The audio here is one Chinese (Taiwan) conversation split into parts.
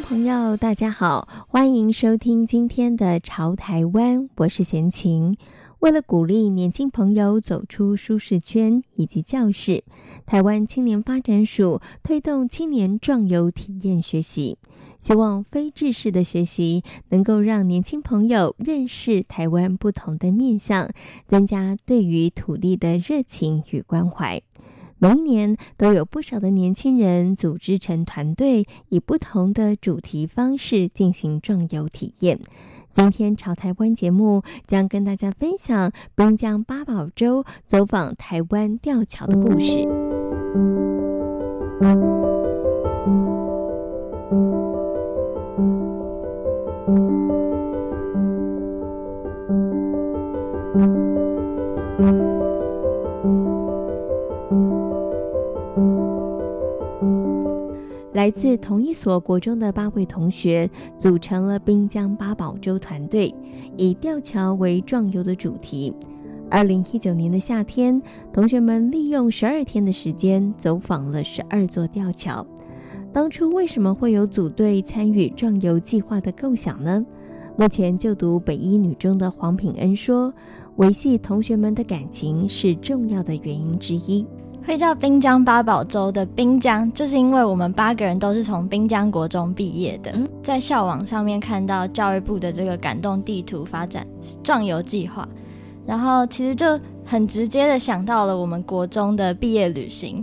朋友，大家好，歡迎收聽今天的《潮台灣》，我是閒情。為了鼓勵年輕朋友走出舒適圈，以及教室，台灣青年發展署推動青年壯遊體驗學習，希望非制式的學習能夠讓年輕朋友認識台灣不同的面向，增加對於土地的熱情與關懷。每一年都有不少的年輕人組織成團隊，以不同的主題方式進行壯遊體驗。今天《潮台灣》節目將跟大家分享濱江八寶舟走訪台灣吊橋的故事。來自同一所國中的八位同學組成了濱江八寶舟團隊，以吊橋為壯遊的主題。二零一九年的夏天，同學們利用十二天的時間走訪了十二座吊橋。當初為什麼會有組隊參與壯遊計劃的構想呢？目前就讀北一女中的黃品恩說，維繫同學們的感情是重要的原因之一。會叫濱江八寶粥的濱江，就是因為我們八個人都是從濱江國中畢業的。在校網上面看到教育部的這個感動地圖發展壯遊計劃，然後其實就很直接的想到了我們國中的畢業旅行，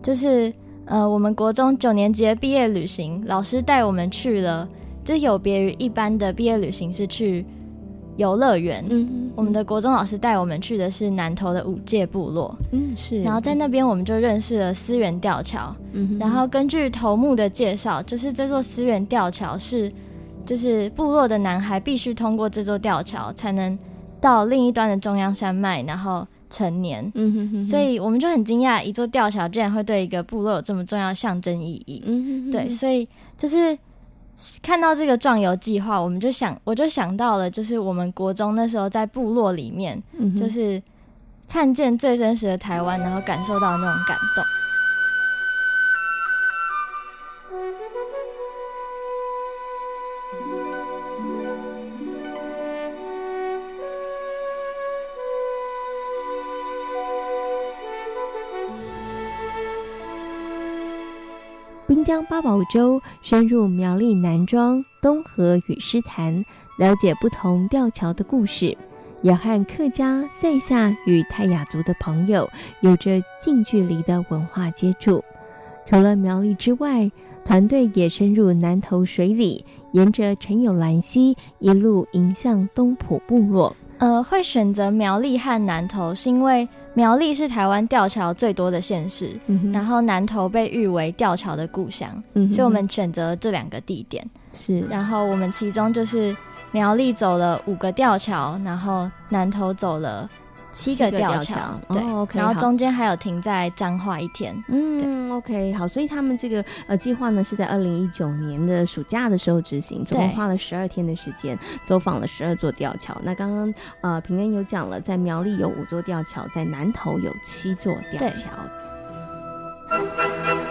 就是呃，我們國中九年級的畢業旅行，老師帶我們去了，就有別於一般的畢業旅行是去。遊樂園，嗯嗯，我們的國中老師帶我們去的是南投的武界部落，嗯是，然後在那邊我們就認識了思源吊橋，嗯哼，然後根據頭目的介紹，就是這座思源吊橋是，就是部落的男孩必須通過這座吊橋才能到另一端的中央山脈，然後成年，嗯哼哼哼，所以我們就很驚訝，一座吊橋竟然會對一個部落有這麼重要象徵意義，嗯哼哼，對，所以就是。看到這個壯遊計劃，我們就想，我就想到了，就是我們國中那時候在部落裡面，嗯、哼就是看見最真實的台灣，然後感受到那種感動。八寶舟深入苗栗南莊東河與獅潭，了解不同吊橋的故事，也和客家賽夏與泰雅族的朋友有着近距離的文化接觸。除了苗栗之外，團隊也深入南投水里，沿着陳有蘭溪一路迎向東埔部落。呃，會選擇苗栗和南投，是因為苗栗是台灣吊橋最多的縣市，嗯哼，然後南投被譽為吊橋的故鄉，嗯哼，所以我們選擇這兩個地點。是，然後我們其中就是苗栗走了五個吊橋，然後南投走了。七個吊橋，吊，對，哦、okay, 然後中間還有停在彰化一天。好嗯對，OK，好，所以他們這個呃計劃呢是在二零一九年的暑假的時候執行，總共花了十二天的時間，對走訪了十二座吊橋。那剛剛呃平安有講了，在苗栗有五座吊橋，在南投有七座吊橋。對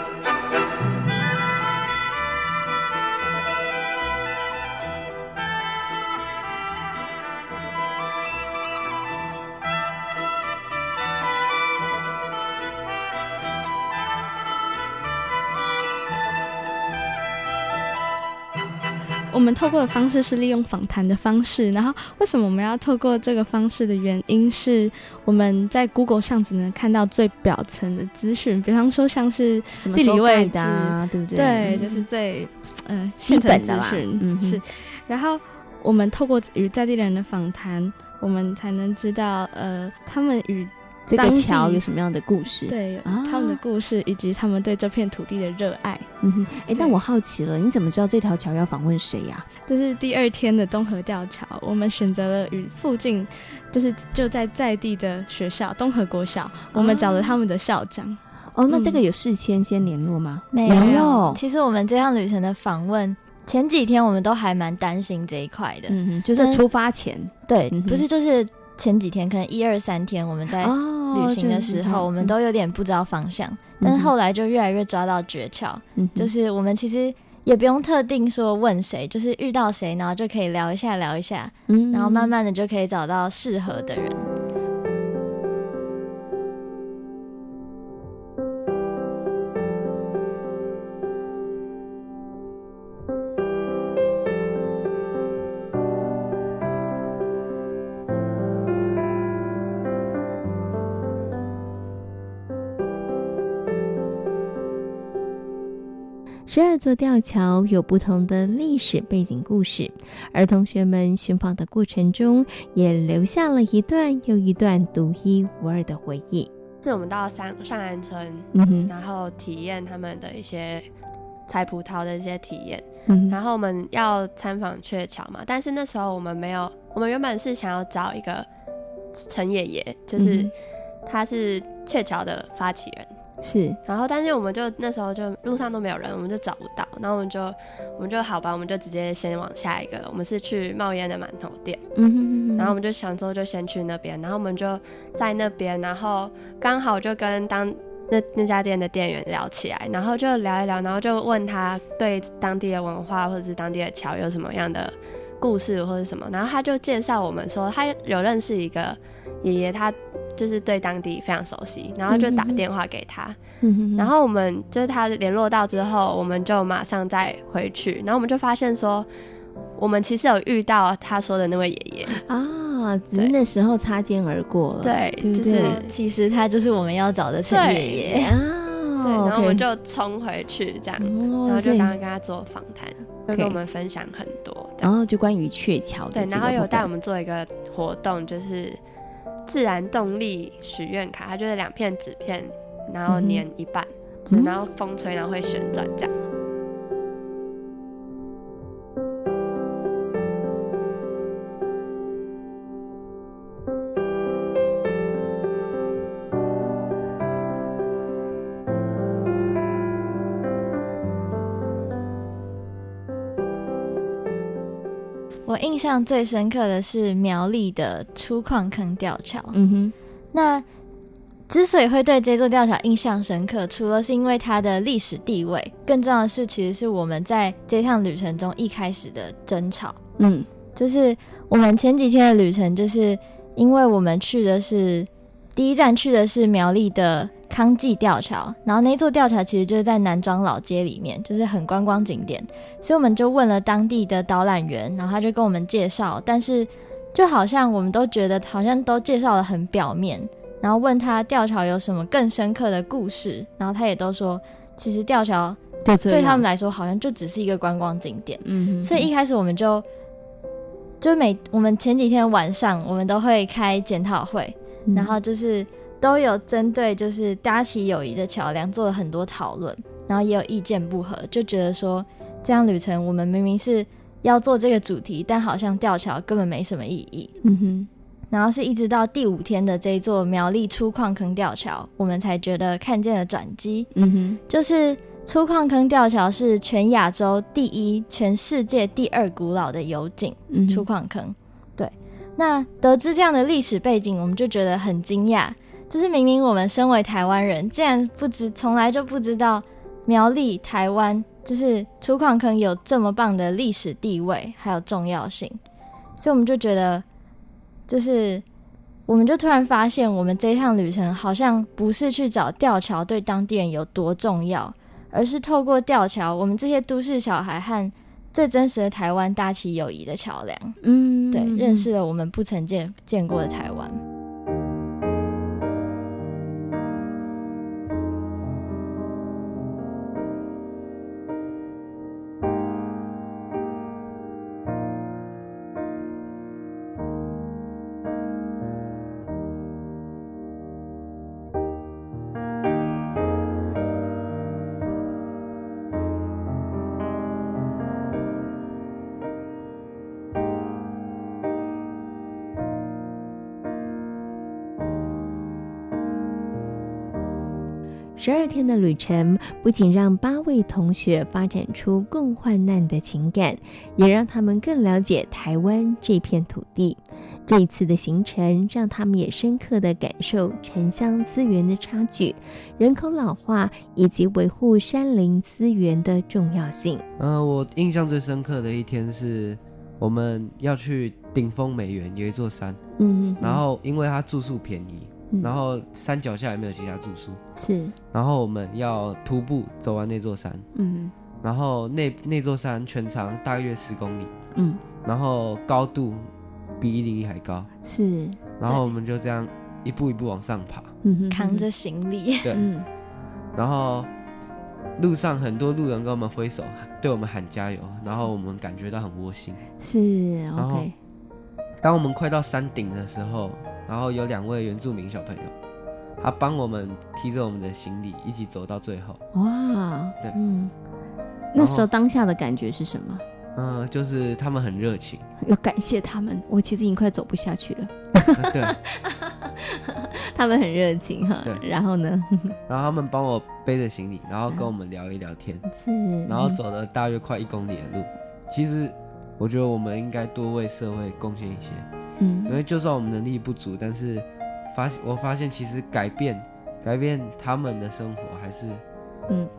我們透過的方式是利用訪談的方式，然後為什麼我們要透過這個方式的原因是，我們在 Google 上只能看到最表層的資訊，比方說像是地理位置，啊、對不對？對，就是最嗯，現、呃、基本資訊，嗯哼是。然後我們透過與在地的人的訪談，我們才能知道，呃，他們與。這個橋有什麼樣的故事？對，啊、他們的故事以及他們對這片土地的熱愛。嗯哼，哎、欸，對但我好奇了，你怎麼知道這條橋要訪問誰呀？啊？就是第二天的東河吊橋，我們選擇了與附近，就是就在在地的學校東河國小。我們找了他們的校長。啊嗯、哦，那這個有事先先聯絡嗎？嗯、沒有。其實我們這趟旅程的訪問，前幾天我們都還蠻擔心這一塊的。嗯哼，就是出發前。但對，嗯、哼不是就是。前幾天可能一二三天，我們在旅行的時候，哦就是、我們都有點不知道方向，嗯、哼但是後來就越來越抓到訣竅，嗯、哼就是我們其實也不用特定說問誰，就是遇到誰，然後就可以聊一下聊一下，嗯、哼然後慢慢的就可以找到適合的人。十二座吊橋有不同的歷史背景故事，而同學們尋訪的過程中也留下了一段又一段獨一無二的回憶。是我們到上上岸村，嗯、哼然後體驗他們的一些採葡萄的一些體驗，嗯、哼然後我們要參訪鵲橋嘛。但是那時候我們沒有，我們原本是想要找一個陳爺爺，就是他是鵲橋的發起人。嗯是，然後但是我們就那時候就路上都沒有人，我們就找不到。然後我們就，我們就好吧，我們就直接先往下一個。我們是去冒煙的饅頭店，嗯哼嗯嗯。然後我們就想說，就先去那邊。然後我們就在那邊，然後剛好就跟當那那家店的店員聊起來，然後就聊一聊，然後就問他對當地的文化或者是當地的橋有什麼樣的故事或者什麼。然後他就介紹我們說，他有認識一個爺爺，他。就是對當地非常熟悉，然後就打電話給他，嗯、哼然後我們就是他聯絡到之後，我們就馬上再回去，然後我們就發現說，我們其實有遇到他說的那位爺爺啊，哦、只是那時候擦肩而過了，對，對對就是其實他就是我們要找的陳爺爺啊，對，oh, okay. 對，然後我們就衝回去這樣，然後就剛剛跟他做訪談，oh, okay. 跟我們分享很多，然後、oh, 就關於鵲橋的，對，然後有帶我們做一個活動，就是。自然動力許願卡，它就是兩片紙片，然後粘一半，然後風吹，然後會旋轉這樣。印象最深刻的是苗栗的出磺坑吊橋。嗯哼，那之所以會對這座吊橋印象深刻，除了是因為它的歷史地位，更重要的是其實是我們在這趟旅程中一開始的爭吵。嗯，就是我們前幾天的旅程，就是因為我們去的是。第一站去的是苗栗的康濟吊橋，然後那一座吊橋其實就是在南莊老街裡面，就是很觀光景點，所以我們就問了當地的導覽員，然後他就跟我們介紹，但是就好像我們都覺得好像都介紹的很表面，然後問他吊橋有什麼更深刻的故事，然後他也都說，其實吊橋對他們來說好像就只是一個觀光景點，嗯，所以一開始我們就就每我們前幾天晚上我們都會開檢討會。然後就是都有針對，就是搭起友誼的橋樑做了很多討論，然後也有意見不合，就覺得說這樣旅程我們明明是要做這個主題，但好像吊橋根本沒什麼意義。嗯哼。然後是一直到第五天的這一座苗栗出磺坑吊橋，我們才覺得看見了轉機。嗯哼。就是出磺坑吊橋是全亞洲第一、全世界第二古老的油井。出磺坑。那得知這樣的歷史背景，我們就覺得很驚訝。就是明明我們身為台灣人，竟然不知從來就不知道苗栗台灣就是出磺坑有這麼棒的歷史地位還有重要性，所以我們就覺得，就是我們就突然發現，我們這一趟旅程好像不是去找吊橋對當地人有多重要，而是透過吊橋，我們這些都市小孩和。最真實的台灣，搭起友誼的橋樑。嗯，對，認識了我們不曾見見過的台灣。十二天的旅程不僅讓八位同學發展出共患難的情感，也讓他們更了解台灣這片土地。這一次的行程讓他們也深刻的感受城鄉資源的差距、人口老化以及維護山林資源的重要性。呃，我印象最深刻的一天是，我們要去頂峰梅園有一座山，嗯哼，然後因為它住宿便宜。嗯、然後山腳下也沒有其他住宿，是。然後我們要徒步走完那座山，嗯。然後那那座山全長大約十公里，嗯。然後高度比一零一還高，是。然後我們就這樣一步一步往上爬，嗯哼對，扛着行李，對。嗯、然後路上很多路人跟我們揮手，對我們喊加油，然後我們感覺到很窩心，是。然後當我們快到山頂的時候。然後有兩位原住民小朋友，他幫我們提着我們的行李，一起走到最後。哇，對，嗯，後那時候當下的感覺是什麼？嗯、呃，就是他們很熱情，要感謝他們。我其實已經快走不下去了。 啊、對， 他們很熱情哈。對，然後呢？ 然後他們幫我背着行李，然後跟我們聊一聊天。啊、是，然後走了大約快一公里的路。其實，我覺得我們應該多為社會貢獻一些。因為就算我們能力不足，但是發現我發現其實改變改變他們的生活還是有，嗯，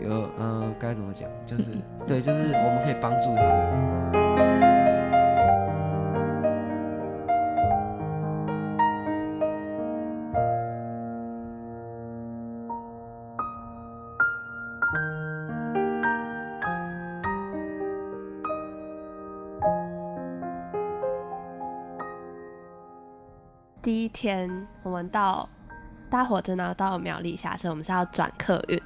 有嗯、呃、該怎麼講就是、嗯、對，就是我們可以幫助他們。天，我們到搭火車呢，到苗栗下車，我們是要轉客運，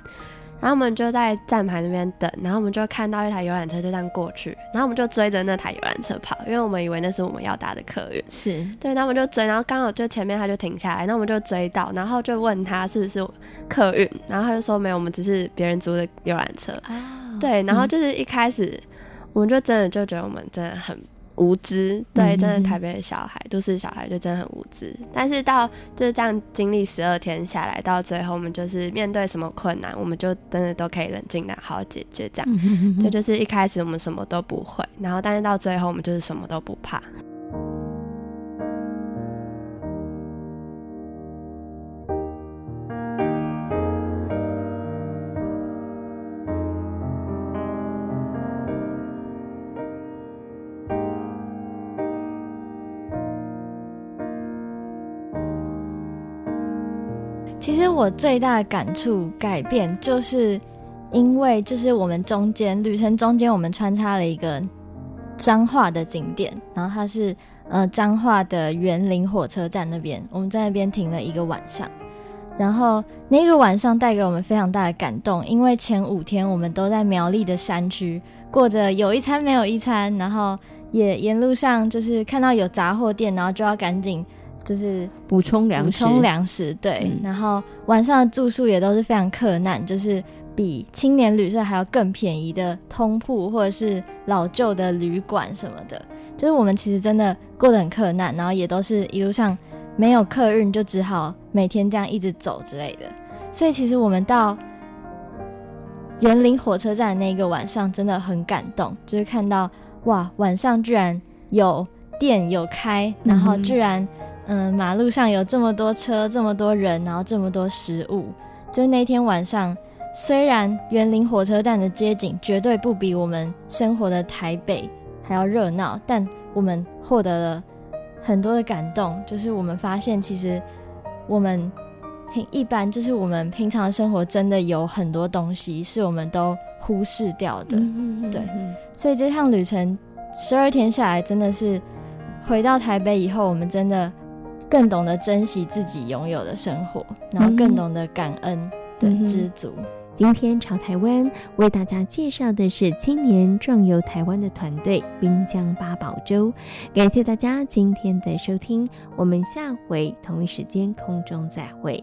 然後我們就在站牌那邊等，然後我們就看到一台遊覽車就這樣過去，然後我們就追着那台遊覽車跑，因為我們以為那是我們要搭的客運，是對，那我們就追，然後剛好就前面他就停下來，那我們就追到，然後就問他是不是客運，然後他就說沒有，我們只是別人租的遊覽車，哦、對，然後就是一開始、嗯、我們就真的就覺得我們真的很。無知，對，真的台北的小孩，嗯，哼哼都是小孩，就真的很無知。但是到就是這樣經歷十二天下來，到最後我們就是面對什麼困難，我們就真的都可以冷靜的好好解決。這樣，這，嗯，就，就是一開始我們什麼都不會，然後但是到最後我們就是什麼都不怕。我最大的感觸改變，就是因為就是我們中間旅程中間，我們穿插了一個彰化的景點，然後它是呃彰化的員林火車站那邊，我們在那邊停了一個晚上，然後那個晚上帶給我們非常大的感動，因為前五天我們都在苗栗的山區過着有一餐沒有一餐，然後也沿路上就是看到有雜貨店，然後就要趕緊。就是補充糧食，補充糧食，對。嗯、然後晚上的住宿也都是非常克難，就是比青年旅社還要更便宜的通鋪或者是老舊的旅館什麼的。就是我們其實真的過得很克難，然後也都是一路上沒有客運，就只好每天這樣一直走之類的。所以其實我們到園林火車站的那個晚上真的很感動，就是看到哇，晚上居然有店有開，嗯、哼然後居然。嗯，馬路上有這麼多車，這麼多人，然後這麼多食物。就那天晚上，雖然員林火車站的街景絕對不比我們生活的台北還要熱鬧，但我們獲得了很多的感動。就是我們發現，其實我們很一般，就是我們平常生活真的有很多東西是我們都忽視掉的。嗯哼。對。嗯、哼所以這趟旅程十二天下來，真的是回到台北以後，我們真的。更懂得珍惜自己擁有的生活，然後更懂得感恩，的、嗯、哼知足。嗯、今天潮台灣為大家介紹的是青年壯遊台灣的團隊——濱江八寶舟。感謝大家今天的收聽，我們下回同一時間空中再會。